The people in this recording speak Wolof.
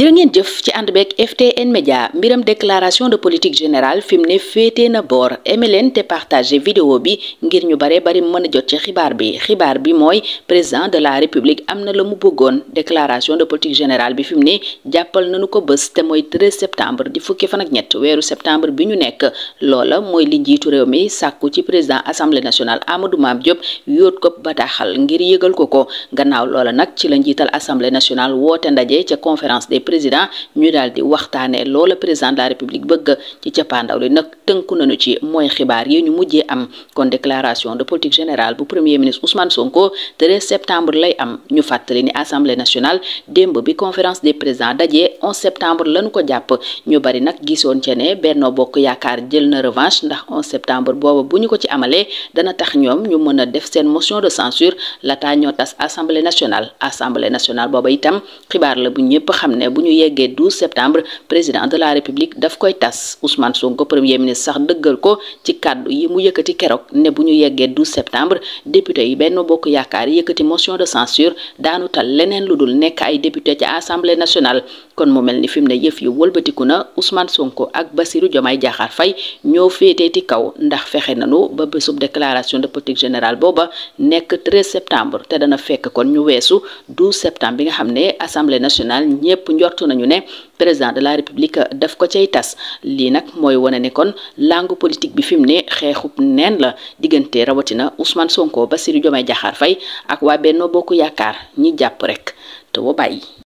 FTN Media. mbiram déclaration de politique générale fi mu ne na te partagé vidéo bi ngir ñu bare bari mën a jot ci xibaar bi xibaar bi président de la république am na la déclaration de politique générale bi fi mu ne jàppal ko 13 septembre di fukki fan ak ñett septembre bi ñu nekk loola mooy li njiitu réew mi ci président assemblée nationale Amadou mam Diop yóot ko bataaxal ngir yëgal ko ko gannaaw loola ci la assemblée nationale woote ndaje conférence des président ñu daldi di loolu président de la république bëgg ci cappaandaw li nak tënku nañu ci mooy xibaar yi ñu mujjé am kon déclaration de politique générale bu premier ministre Ousmane Sonko 13 septembre lay am ñu fàttali ni assemblée nationale démb bi conférence des présidents dajé 11 septembre lañu ko japp ñu bari nak gisoon ci né Benno Bokk yaakar jël na revanche ndax 11 septembre bobu buñu ko ci amalé dana tax ñom ñu mëna def motion de censure la ñoo tas assemblée nationale assemblée nationale bobu itam xibaar la bu ñëpp xamné bu ñu yeggee 12 septembre président de la république daf koy tas Ousmane Sonko premier ministre sax dëggal ko ci kaddu yi mu yëkkati keroog ne bu ñu yeggee 12 septembre député yi benn bokk yaakaar yëkkati motion de censure daanu tal leneen lu dul nekk ay député ci assemblée nationale kon mu mel ni fi mu ne yëf yu wëlbatiku na Ousmane Sonko ak Bassirou Diomaye Diakhar Faye ñoo féetee ci kaw ndax fexe nanu ba bésub déclaration de politique générale booba nekk 13 septembre te dana fekk kon ñu weesu 12 septembre bi nga xam ne assemblée nationale njort nañu ne président de la république daf ko cay tas lii nag mooy wane ne kon langue politique bi fi mu ne xeexub neen la diggante rawatina Ousmane Sonko ba Bassirou Diomaye Diakhar fay ak waa Benno Bokk Yaakaar ñi jàpp rek te wa bàyyi